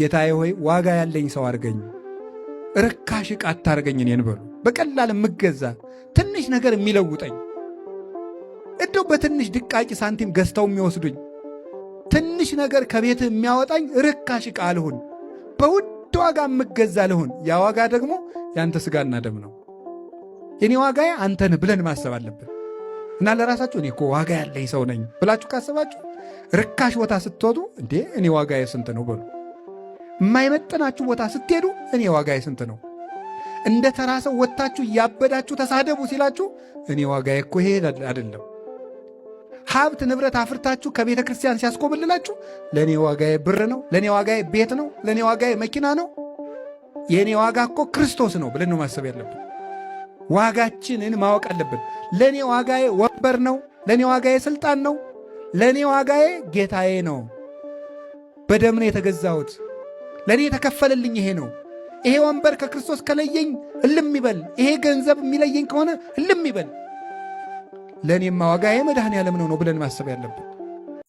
ጌታዬ ሆይ ዋጋ ያለኝ ሰው አድርገኝ፣ ርካሽ ዕቃ አታርገኝ እኔን በሉ። በቀላል የምገዛ ትንሽ ነገር የሚለውጠኝ እንደው በትንሽ ድቃቂ ሳንቲም ገዝተው የሚወስዱኝ ትንሽ ነገር ከቤት የሚያወጣኝ ርካሽ ዕቃ ልሁን፣ በውድ ዋጋ የምገዛ ልሁን። ያ ዋጋ ደግሞ የአንተ ስጋና ደም ነው። የኔ ዋጋ አንተን ብለን ማሰብ አለብን እና ለራሳችሁ እኔ እኮ ዋጋ ያለኝ ሰው ነኝ ብላችሁ ካሰባችሁ ርካሽ ቦታ ስትወጡ እንዴ እኔ ዋጋዬ ስንት ነው በሉ። የማይመጥናችሁ ቦታ ስትሄዱ እኔ ዋጋዬ ስንት ነው? እንደ ተራ ሰው ወጥታችሁ እያበዳችሁ ተሳደቡ ሲላችሁ እኔ ዋጋዬ እኮ ይሄ አይደለም። ሀብት ንብረት አፍርታችሁ ከቤተ ክርስቲያን ሲያስኮብልላችሁ ለእኔ ዋጋዬ ብር ነው፣ ለእኔ ዋጋዬ ቤት ነው፣ ለእኔ ዋጋዬ መኪና ነው፣ የእኔ ዋጋ እኮ ክርስቶስ ነው ብለን ነው ማሰብ ያለብን። ዋጋችንን ማወቅ አለብን። ለእኔ ዋጋዬ ወንበር ነው፣ ለእኔ ዋጋዬ ስልጣን ነው፣ ለእኔ ዋጋዬ ጌታዬ ነው። በደምን የተገዛውት? የተገዛሁት። ለእኔ የተከፈለልኝ ይሄ ነው። ይሄ ወንበር ከክርስቶስ ከለየኝ እልም ይበል። ይሄ ገንዘብ የሚለየኝ ከሆነ እልም ይበል። ለእኔማ ዋጋ የመድኃኔ ዓለም ነው ነው ብለን ማሰብ ያለብን